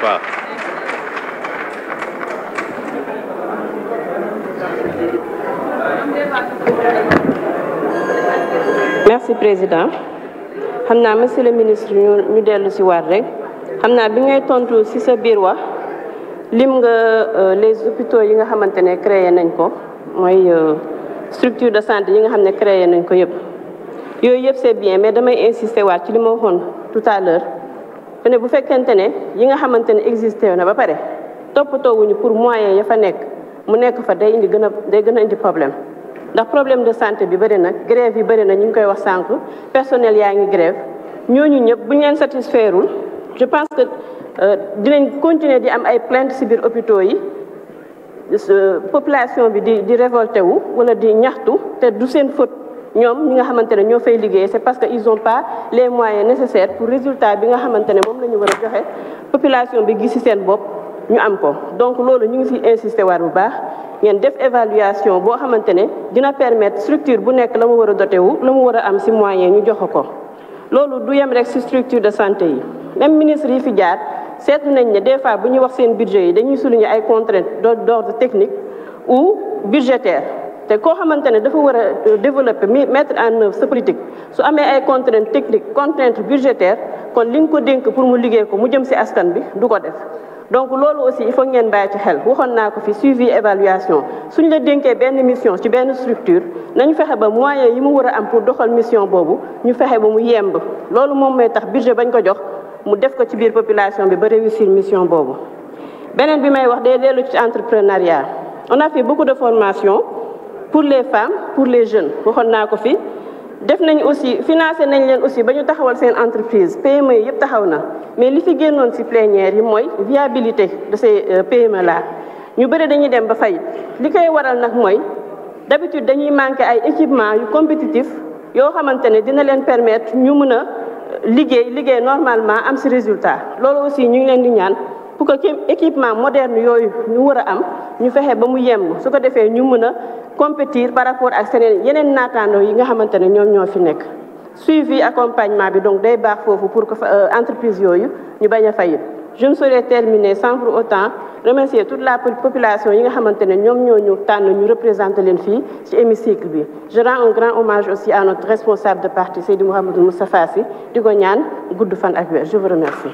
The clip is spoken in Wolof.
pas. merci président xam naa monsieur le ministre ñu dellu si waat rek xam naa bi ngay tontu si sa biir wax lim nga euh, les hôpitaux yi nga xamante ne créé nañ ko mooy euh, structure de santé yi nga xam ne créer nañ ko yëpp yooyu yëpp c'est bien mais damay insister waat ci li ma waxoon tout te bu fekkente ne yi nga xamante ne existé na ba pare toppatoowuñu pour moyen ya fa nekk mu nekk fa day indi gën a day gën a indi problème ndax problème de santé bi bëri na grève yi bëri na ñu ngi koy wax sànq personnel yaa ngi grève ñooñu ñëpp bu ñu leen satisfairul je pense que euh, dinañ continuer di am ay plaintes ci biir hôpitaux yi euh, population bi di di révolté wu wala di ñaxtu te du seen faute ñoom ñi nga xamante ne ñoo fay liggéey c'est parce que ils ont pas les moyens nécessaires pour résultat bi nga xamante ne moom la ñu war a joxe population bi gis ci seen bopp ñu am ko donc loolu ñu ngi ci insister waat bu baax ngeen def évaluation boo xamante ne dina permettre structure bu nekk la mu war a doté wu la mu war a am ci moyen ñu joxe ko loolu du yem rek ci structure de santé yi même ministre yi fi jaar seetlu nañ ne des fois bu ñuy wax seen budget yi dañuy souligner ay contraintes d'ordre technique ou budgétaire te koo xamante ne dafa war a euh, développer mettre en œuvre sa politique su amee ay contraintes technique contraintes budgétaires kon li nga ko dénk pour mu liggéey ko mu jëm ci askan bi du ko def donc loolu aussi il faut ngeen bàyyi ci xel waxoon naa ko fi suivi évaluation suñ la dénkee benn mission ci benn structure nañu fexe ba moyens yi mu war a am pour doxal mission boobu ñu fexe ba mu yemb loolu moom may tax budget bañ ko jox mu def ko ci biir population bi ba réussir mission boobu beneen bi may wax day dellu ci entrepreneuriat on pour les femmes pour les jeunes waxoon naa ko fi def nañ aussi financé nañ leen aussi ba ñu taxawal seen entreprise PME yëpp taxaw na mais li fi génnoon ci plénière yi mooy viabilité de ces euh, PME là ñu bëri dañuy dem ba fay li koy waral nag mooy d'habitude dañuy manqué ay équipement yu compétitif yoo xamante ne dina leen permettre ñu mën a euh, liggéey liggéey normalement am ci résultat loolu aussi ñu ngi leen di ñaan pour que équipement moderne yooyu ñu war a am ñu fexe ba mu yem su ko defee ñu mën a compétir par rapport ak seneen yeneen naataanoo yi nga xamante ne ñoom ñoo fi nekk suivi accompagnement bi donc day baax foofu pour que euh, entreprise yooyu ñu bañ a faillite je ne saurais terminer sans pour autant remercier toute la population yi nga xamante ne ñoom ñoo ñu tànn ñu représenté leen fii ci hémicycle bi je rends un grand hommage aussi à notre responsable de parti Seydou Mouhamadou Moustapha Sy di ko ñaan gudd fan ak weer je vous remercie